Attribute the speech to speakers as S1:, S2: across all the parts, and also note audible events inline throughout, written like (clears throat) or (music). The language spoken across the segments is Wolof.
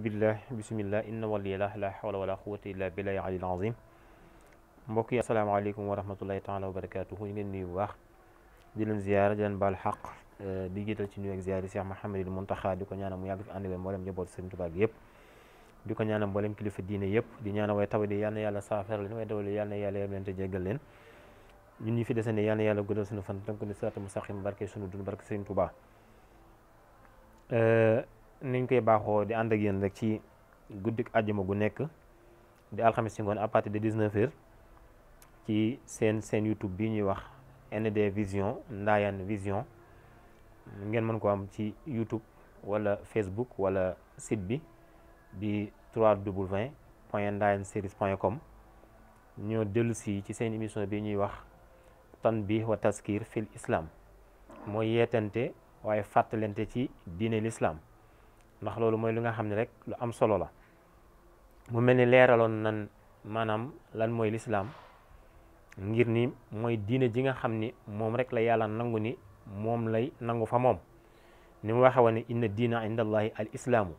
S1: billah bisimillah inna la hawla wala quwwata illa billahi alil azim mbokk yi a wa rahmatullahi taala wa barakatuhu ñu leen nuyu bu baax di leen ziyaara di leen baal xaq eh, di jiital ci nuyu ak ziyaar yi Cheikh Mouhamadul Mountakha di ko ñaanal mu yàgg fi ànd ak di ko ñaanal mboolem kilifa diine yëpp di ñaanal way taw di yal na yàlla saafara leen way daw yal na yàlla yem leen te jéggal leen ñun ñu fi dese ne yal na yàlla guddal suñu fan tënk ni siraatal mustaqim barke suñu dund barke Sëriñ niñ koy baaxoo di ànd ak yéen rek ci guddik àjjuma gu nekk di alxames ci ngoon à partir de 19h ci seen seen YouTube bi ñuy wax ND Vision Ndayane Vision ngeen mën ko am ci YouTube wala Facebook wala site bi di 3w point ndayan series point com ñoo dellu si ci seen émission bi ñuy wax tanbih wa taskir fil islam moo yeetante waaye fàttalente ci diine l'islam ndax loolu mooy li nga xam ne rek lu am solo la mu mel ni leeraloon nan maanaam lan mooy lislaam ngir ni mooy diine ji nga xam ni moom rek la yàlla nangu ni moom lay nangu fa moom ni mu waxe woon ne inna diina inda allahi al islaamu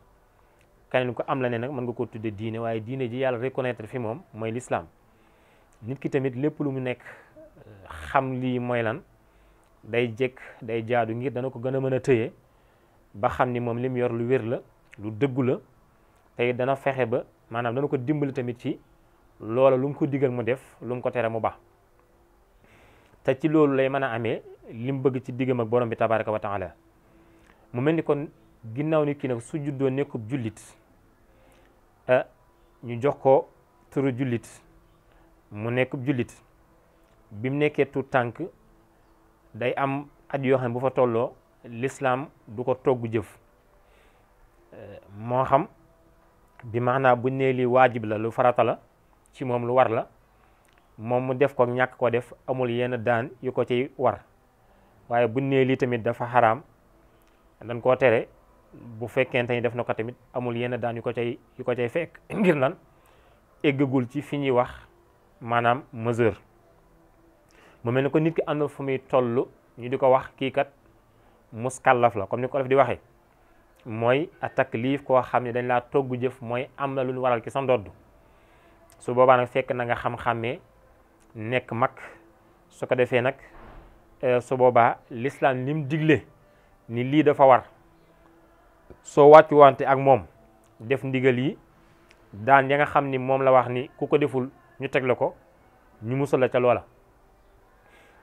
S1: kaneen ko am la ne nag mën nga koo tuddee diine waaye diine ji yàlla reconnaître fi moom mooy lislaam nit ki tamit lépp lu mu nekk xam lii mooy lan day jekk day jaadu ngir dana ko gën a mën a tëye ba xam ni moom li mu yor lu wér la lu dëggu la tey dana fexe ba maanaam dana ko dimbali tamit ci loola lum ko digal mu def lum ko tere mu ba te ci loolu lay mën a amee li bëgg ci diggam ak borom bi tabaraka wa taala mu mel ni kon ginnaaw ni kii nag su juddoo nekkub jullit ah, ñu jox ko turu jullit mu nekkub jullit bi mu nekkee tu tànk day am at yoo xam ne bu fa tolloo lislaam du ko togg jëf moo xam bi maanaam buñ nee lii waajib la lu farata la ci moom lu war la moom mu def ko ñàkk ko def amul yenn daan yu ko ciy war waaye buñ nee lii tamit dafa xaraam dañ koo tere bu fekkente ni def na ko tamit amul yenn daan yu ko cay yu ko cay fekk (clears throat) ngir lan eggagul ci fi ñuy wax maanaam mesure mu mel ni ko nit ki am na fu muy toll ñu di ko wax kii kat muskallaf la comme ni ko def di waxee mooy liif koo xam ne dañ laa togg jëf mooy am na lu ñu waral ci sa ndodd su boobaa nag fekk na nga xam-xamee nekk mag su ko defee nag euh, su boobaa lislaam lim digle ni lii dafa war soo wàccu wante ak moom def ndigal yi daan ya nga xam ni moom la wax ni ku ko deful ñu teg la ko ñu musal la ca loola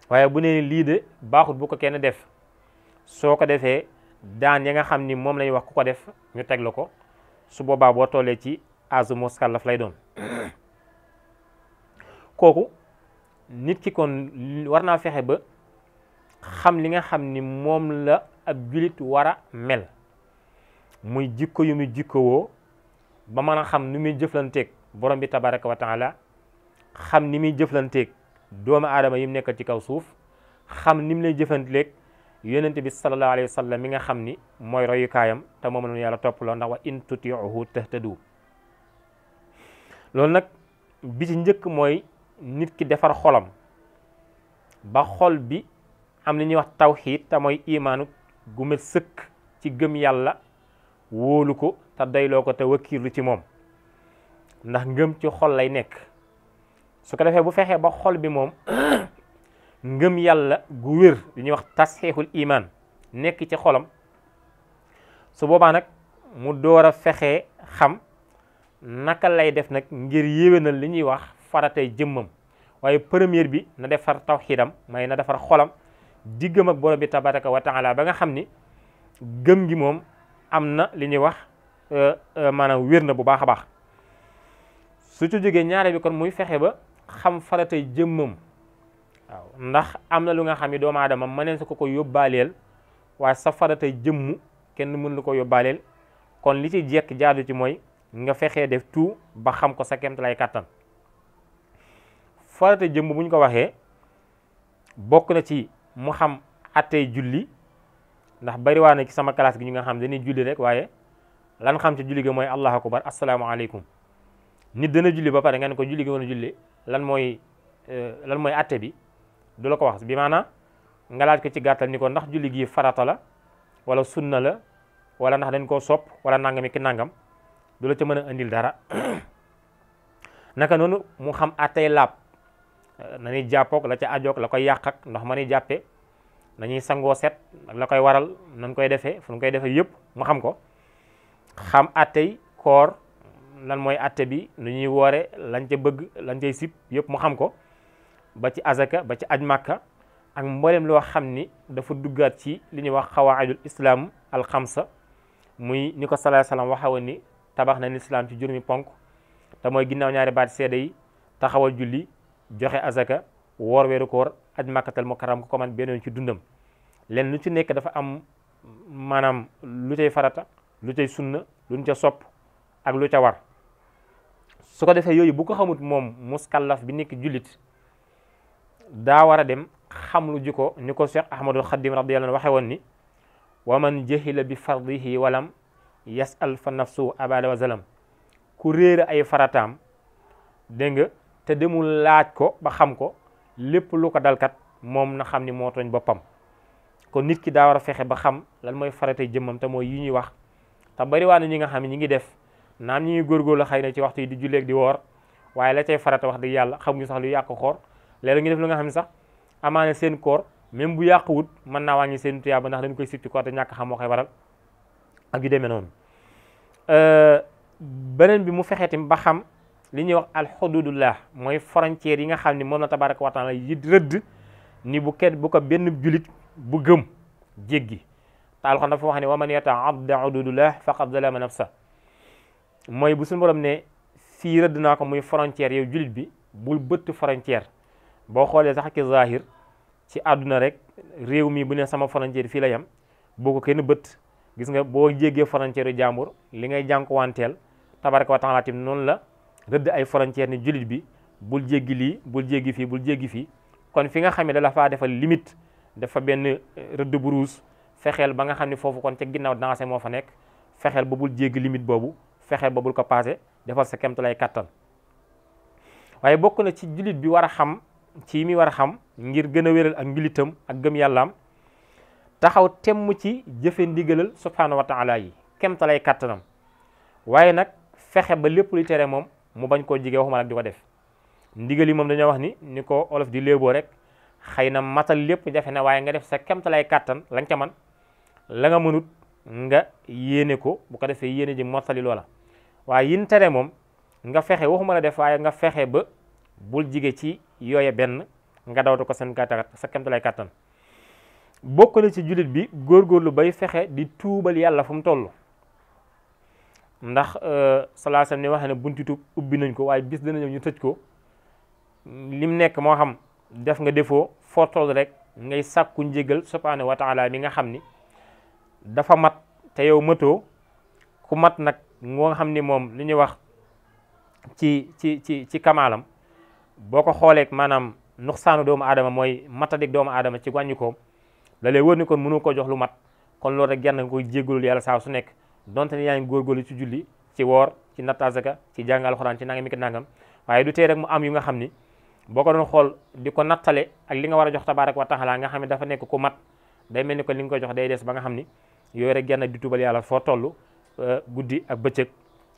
S1: waaye bu nee lii de baaxut bu ko kenn def soo ko defee daan ya nga xam ni moom la wax ku ko def ñu teg la ko su boobaa boo tollee ci azu muskallaf lay doon kooku nit ki kon war naa fexe ba xam li nga xam ni moom la ak julit war a mel muy jikko yu muy jikkowoo ba mën a xam ni muy jëflanteeg borom bi tabaraka wa xam ni muy jëflanteeg doomu aadama yi mu nekkal ci kaw suuf xam ni mu lay jëflanteeg yonent bi sallallahu alayhi wa mi nga xam ni mooy royukaayam te moom la ñu yàlla toppaloo ndax wa in tutiuhu tahtadu loolu nag bi ci njëkk mooy nit ki defar xolam ba xol bi am li ñuy wax tawxiid te mooy imaanu gu mat sëkk ci gëm yàlla wóolu ko te doyloo ko te wakkiirlu ci moom ndax ngëm ci xol lay nekk su ko defee bu fexee ba xol bi moom ngëm yàlla gu wér li ñuy wax tasxiixul imaan nekk ci xolam su boobaa nag mu door a fexe xam naka lay def nag ngir yéwénal li ñuy wax faratay jëmmam waaye première bi na defar tawxiidam may na defar xolam diggam ak borom bi tabaraka wa taala ba nga xam ni gëm gi moom am na li ñuy wax euh, euh, maanaam wér na bu baax a baax su ci jógee ñaare bi kon muy fexe ba xam faratay jëmmam waaw ndax am na lu nga xam ne doomu aadama mëneen sa ko ko yóbbaaleel waaye sa farata jëmm kenn mën lu ko yóbbaaleel kon li ci jekk jaadu ci mooy nga fexee def tout ba xam ko sa kemt kàttan farata jëmm bu ñu ko waxee bokk na ci mu xam attey julli ndax bari waa na ci sama kalaas gi ñu nga xam dañuy julli rek waaye lan xam ci julli gi mooy allahu akbar asalaamaaleykum nit dana julli ba pare nga ne ko julli gi woon julli lan mooy euh, lan mooy atte bi du la ko wax bi maana nga laaj ko ci gàttal ni ko ndax julli gi farata la wala sunna la wala ndax dañ koo sopp wala nangami ki nangam du la ca mën a indil dara (clears throat) naka noonu mu xam attey làpp na ñuy jàppoog la ca ajoog la koy yàq ak ndox ma ñuy jàppee nañuy sangoo set ak la koy waral nañ koy defee fu ñu koy defee yëpp mu xam ko xam attey koor lan mooy atte bi na ñuy woore lañ ca bëgg lañ cay sib yëpp mu xam ko ba ci azaka ba ci aj màkka ak mboolem loo xam ni dafa duggaat ci li ñuy wax xawaidul islaam alxamsa muy ni ko sallallahu salaam wasallam waxawoon ni tabax na ni lislaam ci mi ponk te mooy ginnaaw ñaari baat seede yi taxawal julli joxe azaka woor weeru koor aj màkkatal mukarram ko ko man beneen ci dundam leen lu ci nekk dafa am maanaam lu cay farata lu cay sunna luñ ca sopp ak lu ca war su ko defee yooyu bu ko xamut moom muskallaf bi nekk jullit daa war a dem xam lu ji ko ni ko Cheikh Ahmadul Xadim radiyallahu waxe woon ni wa man jahila bi fardihi walam yasal fa nafsu abada wa zalam ku réer ay farataam dégg nga te demul laaj ko ba xam ko lépp lu ko dalkat moom na xam ni moo tooñ boppam kon nit ki daa war a fexe ba xam lan mooy faratay jëmmam te mooy yi ñuy wax te bari waa na ñi nga xam ne ñi ngi def naam ñi ngi góorgóorlu xay na ci waxtu yi di julleeg di woor waaye la cay farata wax dëgg yàlla xamuñu sax lu yàq xoor léeg ngi ñu def lu nga xam ne sax amaane seen koor même bu yàquwut mën naa wàññi seen tuyaaba ndax dañu koy sib ci koor te ñàkk xam moo koy ak yu demee noonu euh, beneen bi mu fexeetim ba xam li ñuy wax alxududullah mooy frontière yi nga xam ni moom na tabaraka wa taala yi rëdd ni bu kenn bu ko benn julit bu gëm jéggi te alxuraan dafa wax ne wa man yataadda hududullah faqad zalama nafsa mooy bu suñu borom ne fii rëdd naa ko muy frontière yow julit bi bul bëtt frontière boo xoolee sax ki zahir ci àdduna rek réew mii bu ne sama frontière fii la yem boo ko kenn bët gis nga boo jéggee frontière jàmbur li ngay jànkuwanteel tabaraka wa taala noonu la rëdd ay frontière ni jullit bi bul jéggi lii bul jéggi fii bul jéggi fii kon fi nga xam ne da faa defal limite dafa benn eh, rëdd bu ruus fexeel ba nga xam ne foofu kon ca ginnaaw dansé moo fa nekk fexeel ba bul jéggi limite boobu fexeel ba bul ko passé defal sa kemtu lay kattan ci mi war a xam ngir gën a wéral ak njullitam ak gëm yàllaam taxaw temm ci jëfe ndigalal subhaanahu wa taala yi kemtalay kàttanam waaye nag fexe ba lépp lu tere moom mu bañ koo jige waxuma nag di ko def ndigal yi moom dañoo wax ni ni ko olof di léeboo rek xëy na matal lépp jafe na waaye nga def sa kemtalay kàttan lañ ca man la nga mënut nga yéene ko bu ko defee yéene ji mottali loola waaye yin tere moom nga fexe waxuma la def waaye nga fexe ba bul jige ci yooye benn nga dawatu ko seen kàttan sa kemtalaay kàttan bokk na ci jullit bi góorgóorlu bay fexe di tuubal yàlla fu mu toll ndax salaasam ni waxe ne bunti tuub ubbi nañ ko waaye bis dana ñëw ñu tëj ko lim nekk moo xam def nga defoo foo rek ngay sàkku njégal subhaana wa taala mi nga xam ni dafa mat te yow matoo ku mat nag moo xam ni moom li ñuy wax ci ci ci ci kamaalam boo ko xoolee maanaam nuxsaanu doomu aadama mooy matadik doomu aadama ci wàññi ko la lay wër ni kon mënu ko jox lu mat kon loolu rek genn nga koy jéggalul yàlla saa su nekk donte ne yaa ngi lu ci julli ci woor ci natt azaka ci jàng alxuraan ci nangam ak nangam waaye du tee rek mu am yu nga xam ni boo ko doon xool di ko nattale ak li nga war a jox tabarak wa taala nga xam ne dafa nekk ku mat day mel ni ko li nga koy jox day des ba nga xam ni yooyu rek genn di tubal yàlla foo toll euh, guddi ak bëccëg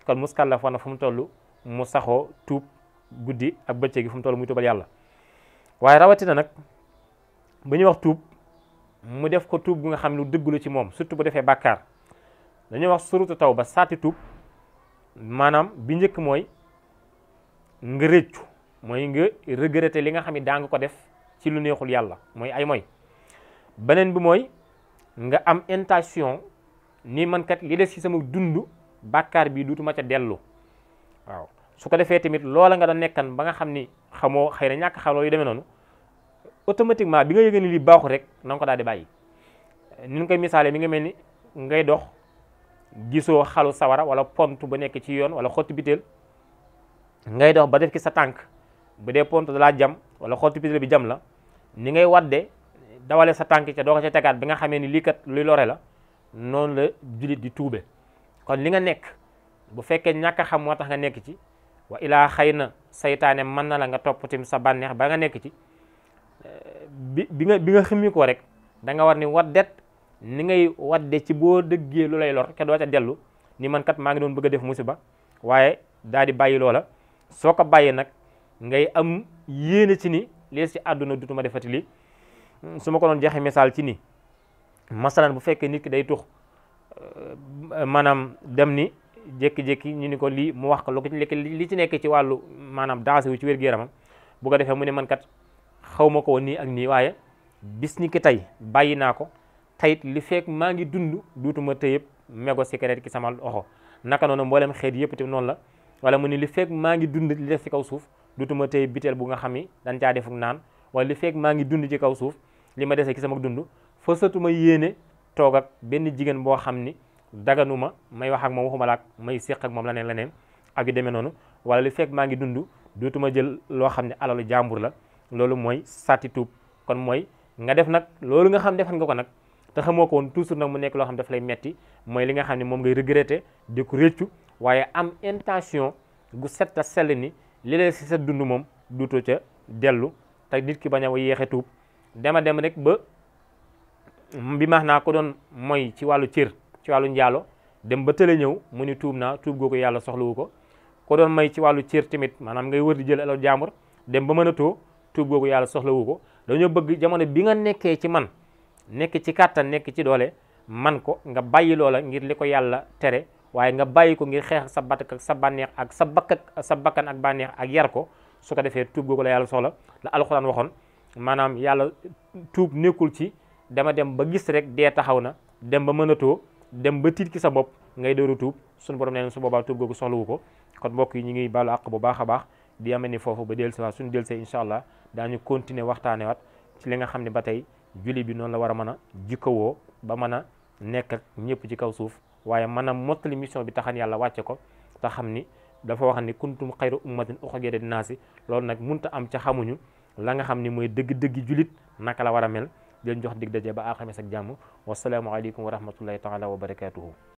S1: kon muskal la fa na fu mu toll mu saxoo tuub guddi ak bëccëg gi fu mu toll muy tubal yàlla waaye rawatina nag bu ñuy wax tuub mu def ko tuub bu nga xam lu dëgglu ci moom surtout bu defee bàkkaar dañuy wax surutu taw ba saati tuub maanaam bi njëkk mooy nga rëccu mooy nga regretté li nga xam ne daa nga ko def ci lu neexul yàlla mooy ay mooy beneen bi mooy nga am intention ni man kat li des ci sama dund bàkkaar bi duutuma ca dellu waaw su ko defee tamit loola nga doon nekkan ba nga xam ni xamoo xëy na ñàkk xam loolu yu demee noonu automatiquement bi nga yëgee ni li baaxul rek na nga ko daal di bàyyi nu ngi koy misaale mi nga mel ni ngay dox gisoo xalu sawara wala pont bu nekk ci yoon wala xotti biteel ngay dox ba def ki sa tànk bu dee pont dalaa jam wala xotti biteel bi jam la ni ngay wadde dawale sa tànk ca doo ko ca tegaat bi nga xamee ni lii kat luy lore la noonu la jullit di tuube kon li nga nekk bu fekkee ñàkk xam moo tax nga nekk ci waa ilaa xëy na saytaane mën na la nga toppatim sa bànneex ba nga nekk ci bi bi nga bi nga ximmi ko rek da nga war ni waddet ni ngay wadde ci boo dëggee lu lay lor ke doo ca dellu ni mankat maa ngi doon bëgg a def musiba waaye daal di bàyyi loola soo ko bàyyi nag ngay am yéene ci ni lii ci àdduna dutuma defati lii su ma ko doon joxe misaal ci ni masalan bu fekkee nit ki day tux euh, maanaam dem ni jékki-jékki ñu ni ko lii mu wax ko lu ko li ci nekk ci wàllu maanaam dansé wu ci wér-gu-yaramam bu ko defee mu ne man kat xaw ma ko woon nii ak nii waaye bis ni tey bàyyi naa ko tayit li fekk maa ngi dund duutuma tëyëb mégo cigarette ki sama loxo naka noonu mboolem xeet yëpp itam noonu la wala mu ne li fekk maa ngi dund li def ci kaw suuf duutuma tëyëb biteel bu nga xam ni dañ caa defuk naan wala li fekk maa ngi dund ci kaw suuf li ma desee ki sama dund fasatuma yéene toog ak benn jigéen boo xam ni daganu may wax ak moom waxuma laak may séq ak moom leneen leneen ak yu demee noonu wala li fekk maa ngi dund dootuma jël loo xam ne alalu jàmbur la loolu mooy sàtti tuub kon mooy nga def nag loolu nga xam defan nga ko nag te xamoo ko woon toujours nag mu nekk loo xam daf lay metti mooy li nga xam ne moom ngay regretter di ko réccu waaye am intention gu set a sell ni li lay si sa dund moom duutoo ca dellu te nit ki bañ a yéexe tuub dema dem rek ba bi maax naa ko doon mooy ci wàllu cër ci wàllu njaalo dem ba tële ñëw mu ni tuub naa tuub googu yàlla soxlawu ko ko doon may ci wàllu cër tamit maanaam ngay wër di jël alal dem ba mën a too tuub googu yàlla ko dañoo bëgg jamono bi nga nekkee ci man nekk ci kàttan nekk ci doole man ko nga bàyyi loola ngir li ko yàlla tere waaye nga bàyyi ko ngir xeex sa batak sa bànneex ak sa bakk sa bakkan bànneex ak yar ko su ko defee tuub googu la yàlla soxla la alxuraan waxoon maanaam yàlla tuub nekkul ci dama dem ba gis rek dee taxaw na dem ba mënatoo dem ba tiit ki sa bopp ngay dooru tuub suñu borom nee na su boobaa tuub googu soxlawu ko kon mbokk yi ñu ngiy baalu àq bu baax a baax di amee ni foofu ba dellu si waat suñu dellu see incha allah daañu continuer waxtaane waat ci li nga xam ne ba tey julli bi noonu la war a man a jikkowoo ba man a nekk ak ñëpp ci kaw suuf waaye mën a mottali mission bi taxan yàlla wàcce ko te xam ni dafa wax ni kuntum xayra ummatin dinaa si loolu nag munta am ca xamuñu la nga xam ni mooy dëgg-dëgg julit naka la war a mel di leen jox dig daje ba alxames ak jàmm wasalaamualeykum wa rahmatullahi taala wa barakatuhu